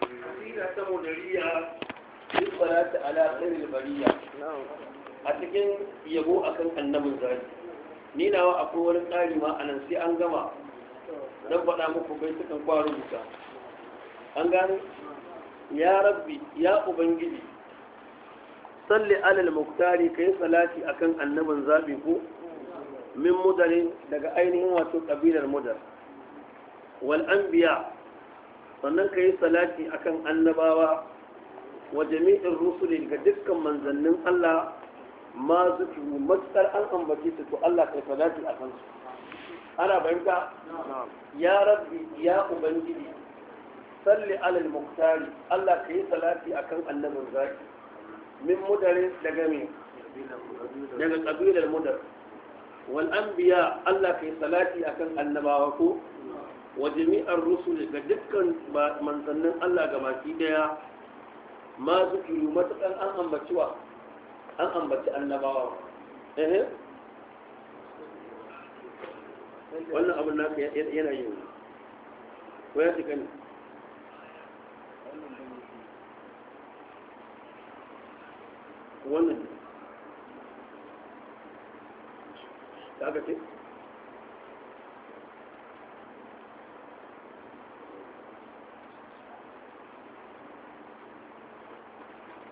kasida ta munariya duk salatu ala khairil bariya a cikin yabo akan annabin zaki ni wa akwai wani tsari ma a nan sai an gama dan faɗa muku bai sukan kwaro rubuta an gane ya rabbi ya ubangiji salli alal muktari ka yi salati a kan annabin zaɓi ko min mudarin daga ainihin wato ƙabilar mudar wal biya. sannan ka yi salati akan annabawa wa jami'in rusuli ga dukkan manzannin Allah ma zuki matsar an ambace su to Allah kai salati a kansu ana bayanka ya rabbi ya ubangiji salli alal muktari Allah ka yi salati akan annabin zaki min mudare daga me daga kabilar mudar wal anbiya Allah ka yi salati akan annabawa ko wa jami'ar rusul ga dukkan manzannin Allah ga baki daya ma zukiru matakan an ambaci wa an ambaci annabawa eh wannan abin naka yana yi ko ya tikani wannan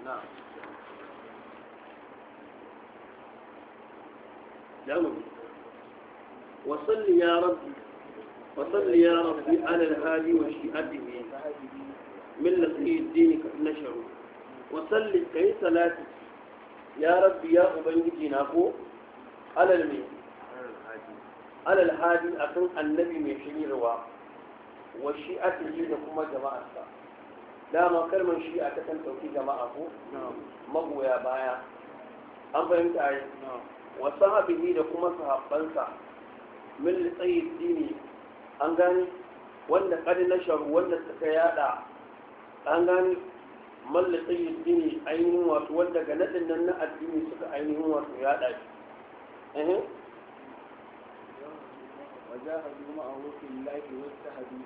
نعم, نعم. وصل يا رب وصل يا ربي على الهادي وشيئته من لقي دينك نشر وصل كي صلاتي يا ربي يا أبنجي ناكو على المين على الهادي أكون النبي من شرير وشيئته لكم جماعة dama kalmar shi a takan ɗauki jama'a ko magoya baya an fahimta yi wa sahabihi da kuma sahabbansa min tsayi dini an gani wanda kadi na sharu wanda suka yada an gani man tsayi dini ainihin wasu wanda ga nadin nan na addini suka ainihin wasu yada shi وجاهدوا معه في الله واجتهدوا.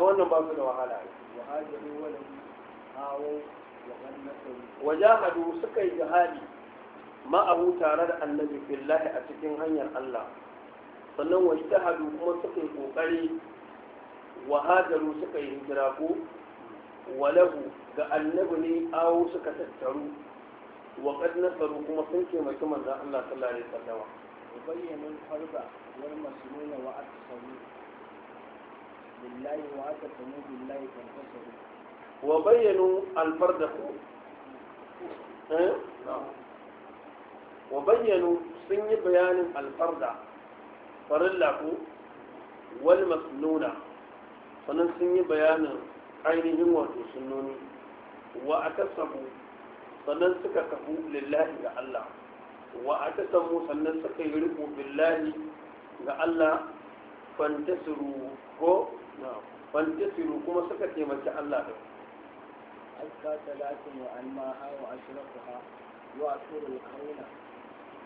أولا بعض الوهلة. وهاجروا ولم wajahadu suka yi jihadi ma'abu tare da annabi fillahi a cikin hanyar Allah sannan wajtahadu kuma suka yi kokari wa hajaru suka yi hijira ko walahu ga annabi ne awo suka tattaru wa qad nasaru kuma sun taimaki manzon Allah sallallahu alaihi wasallam bayyana farba wal masnuna wa atsamu billahi wa atsamu billahi kan tasaru wa bayyanu alfarda eh? wa bayyanu sun yi bayanin alfarda farilla ko wal masnuna sannan sun yi bayanin ainihin wato sunnoni wa akasabu sannan suka kafu lillahi ga Allah wa akasamu sannan suka yi riko billahi ga Allah fantasiru kuma suka taimaki Allah da حتى تلاتم وعلماها وأشرفها وعطور الكون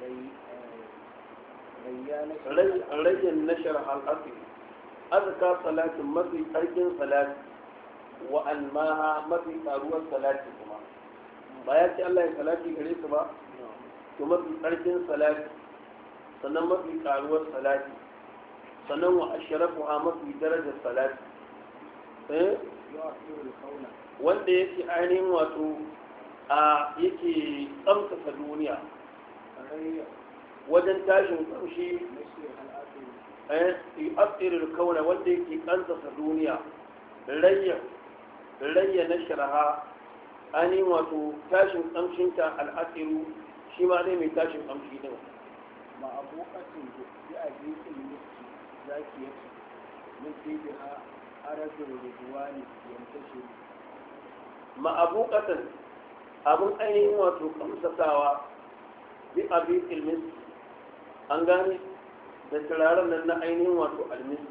لي rayyan nashar al'afi azka salatin mafi karkin salati wa mafi karuwar salati kuma ba ya ce allah ya salati gare su ba to mafi karkin salati sannan mafi karuwar salati sannan wa ashirafu mafi darajar salati eh wanda yake ainihin wato a yake tsamsasa duniya wajen tashin kamshi eh, yi asirin kauna wanda yake tsamsasa duniya rayya na shiraha ainihin wato tashin kamshinta al'asiru shi ma ne mai tashin kamshi din ma abokatin da ya ajiyar miski zaki yake mun fi da arabin rubuwa ne yanzu shi ma'abuƙatan abin ainihin wato kamsatawa bi abi ilmin an gane da turaren nan na ainihin wato almin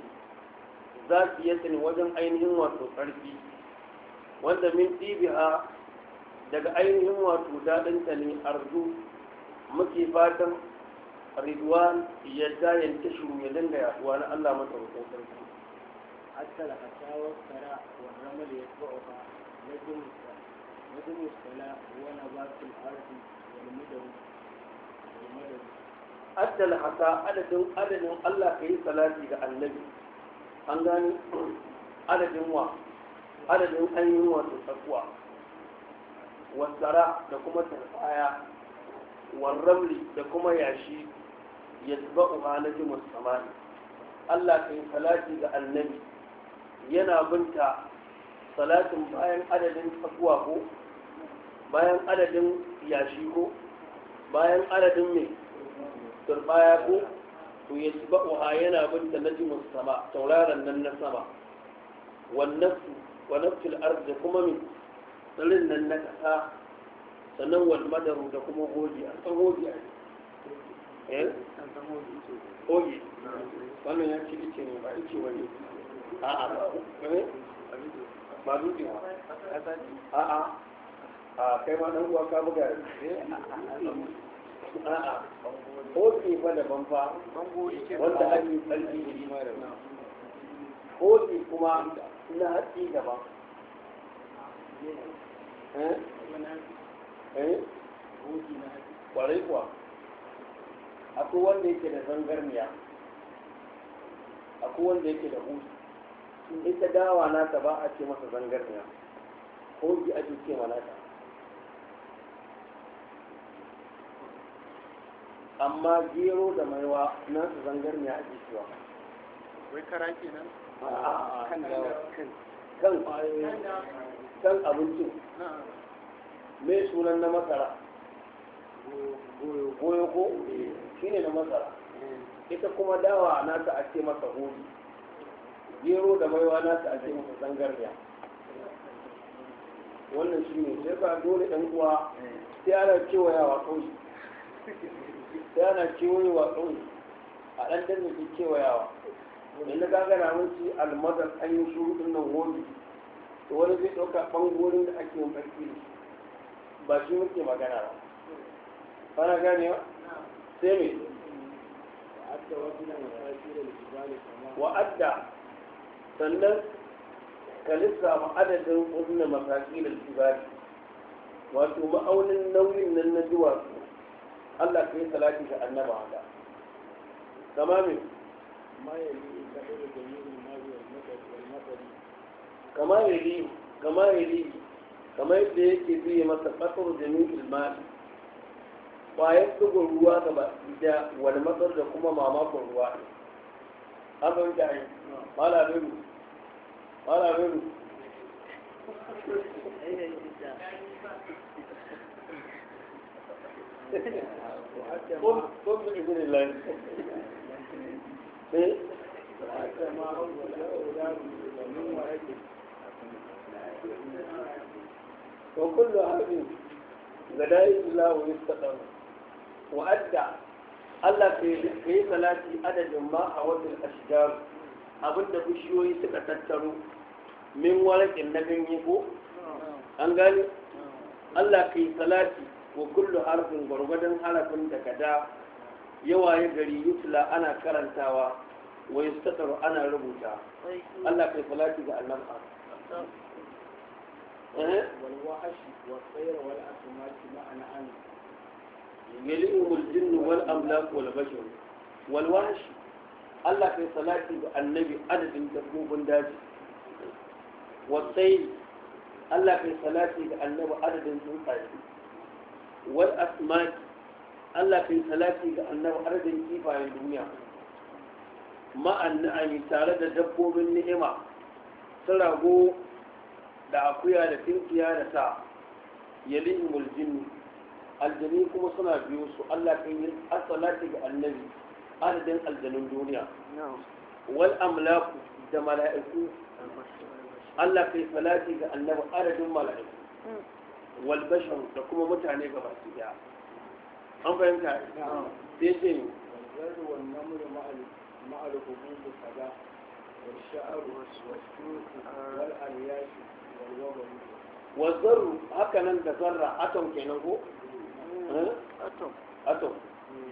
za su yi sani wajen ainihin wato ƙarfi wanda min ɗibiha daga ainihin wato daɗinta ne arzu muke fatan ridwan ya zayen ta shuru ya dinga yaduwa na allah mata rukun sarki Wannan da na adadin allah ka yi salati ga al'adu an gani adadin an yi wasu tsakuwa, wasu da kuma salaya, walraman da kuma yashi, yas ba'u ma na ji musamman allah ka yi salati ga annabi yana binta salatin bayan adadin tsakuwa ko bayan adadin yashi ko bayan adadin mai turbaya ko to ya ci ba'uha yana bin da jimin sama tauraron nan na sama wannan wannafsul arziki da kuma min tsirin nan na kasa sannan wal madaru da kuma goji a san goji a yi wannan ya ci ne ba ice wani ba ba dukewa a'a a kai ma dan uwa ka buga a'a hoki fa da banfa wanda ake tsarki da Ko hoki kuma na hatsi daban eh? Eh? kwarai kuwa akwai wanda yake da zangarniya akwai wanda yake da hutu in ita dawa nata ba a ce masa zangarniya ko ji a ce malaka amma gero da maiwa nan su zangarniya ake cewa wai kara kenan kan kan kan abincin mai sunan na masara goyo ko eh. shi ne na masara eh. ita kuma dawa nata a ce masa hudu gero da maiwa nasa a ce masa da. wannan shi ne sai ba dole ɗan uwa sai ana kewayawa ƙauye sai ana wa ƙauye a ɗan danne ke kewayawa in na gagara mun almadar an yi shuru ɗin nan wani to wani zai ɗauka ɓangorin da ake yin ƙarfi ba shi muke magana ba fara ba sai me wa'adda sannan ka lissafa adadin kunna mataki da kibari wato ma'aunin nauyin nan na su, Allah ka yi salati ga annaba haka kama yi kama yali kama yali kama yadda yake biye masa kasar jami'ul mali kwayar dugun ruwa ga baki da wani matsar da kuma mamakon ruwa an fahimta ne malamin ولا منه قل قل بإذن الله حتى ما هو ولا أولاد من وعده وكل هذه بداية الله يستقر وأدع الله في في ثلاث عدد ما حول الأشجار abinda bishiyoyi suka tattaro min warakin na ganye ko an gani allah ka yi salati wa kullu harfin gwargwadon harafin da ka da yawa ya gari yutula ana karantawa wa yustatar ana rubuta allah ka yi salati ga annan والوحش والطير والأسماك معا Amla ko الجن Wani والبشر hashi? Allah kai salati ga annabi adadin dabbobin daji wasai Allah kai salati ga annabi adadin tsuntsaye wal asmaki Allah kai salati ga annabi adadin kifayen duniya ma'an na'ami tare da dabbobin ni'ima su rago da akuya da tinkiya da sa yalin muljini aljani kuma suna biyo su Allah kai yi asalati ga annabi adadin aljanun duniya wal amlaku da mala'iku Allah kai salati ga annabi adadin mala'iku hmm. walbashin da kuma mutane gaba su daya an fahimta sai ce ne wazzaru haka nan da zarra atom kenan ko? Hmm. Eh? atom hmm.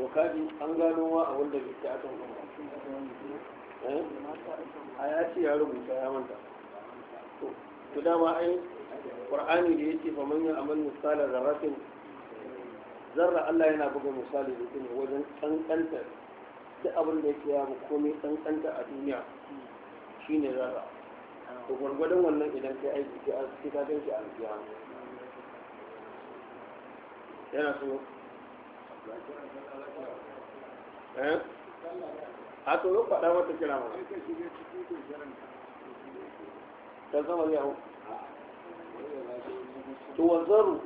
ko kaji an gano wa a wanda ke akan kuma a ya ce ya rubuta ya manta to dama ai qur'ani da yake fa man ya'mal misala zarratin zarra Allah yana buga misali da kuma wajen kankanta duk abin da yake ya komai kankanta a duniya shine zarra to gwargwadon wannan idan kai aiki sai an sai ka ganshi a biya yana so eh a to faɗa wata kira ma kan sama zai hau to wanzaru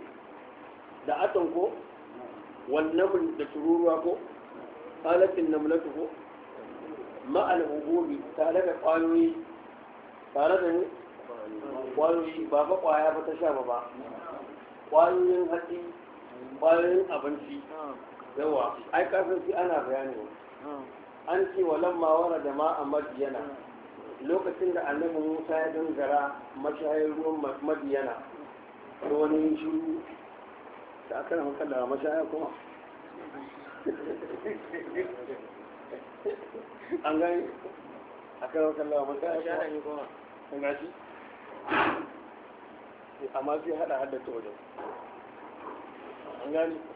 da atan ko wannan da tururuwa ko halatin namlatu ko ma'al hububi tare da ƙwayoyi tare da ne ƙwayoyi ba fa ƙwaya ba ta sha ba ba ƙwayoyin hatsi ƙwayoyin abinci yawa ai kafin shi ana bayani an ce wa lamma wara da ma a madiyana lokacin da annabi musa ya dangara mashayin ruwan madiyana da wani shiru da aka nan da mashaya kuma an gani a kan nan kalla mashaya kuma kun gashi eh, amma sai hada haddata wajen an gani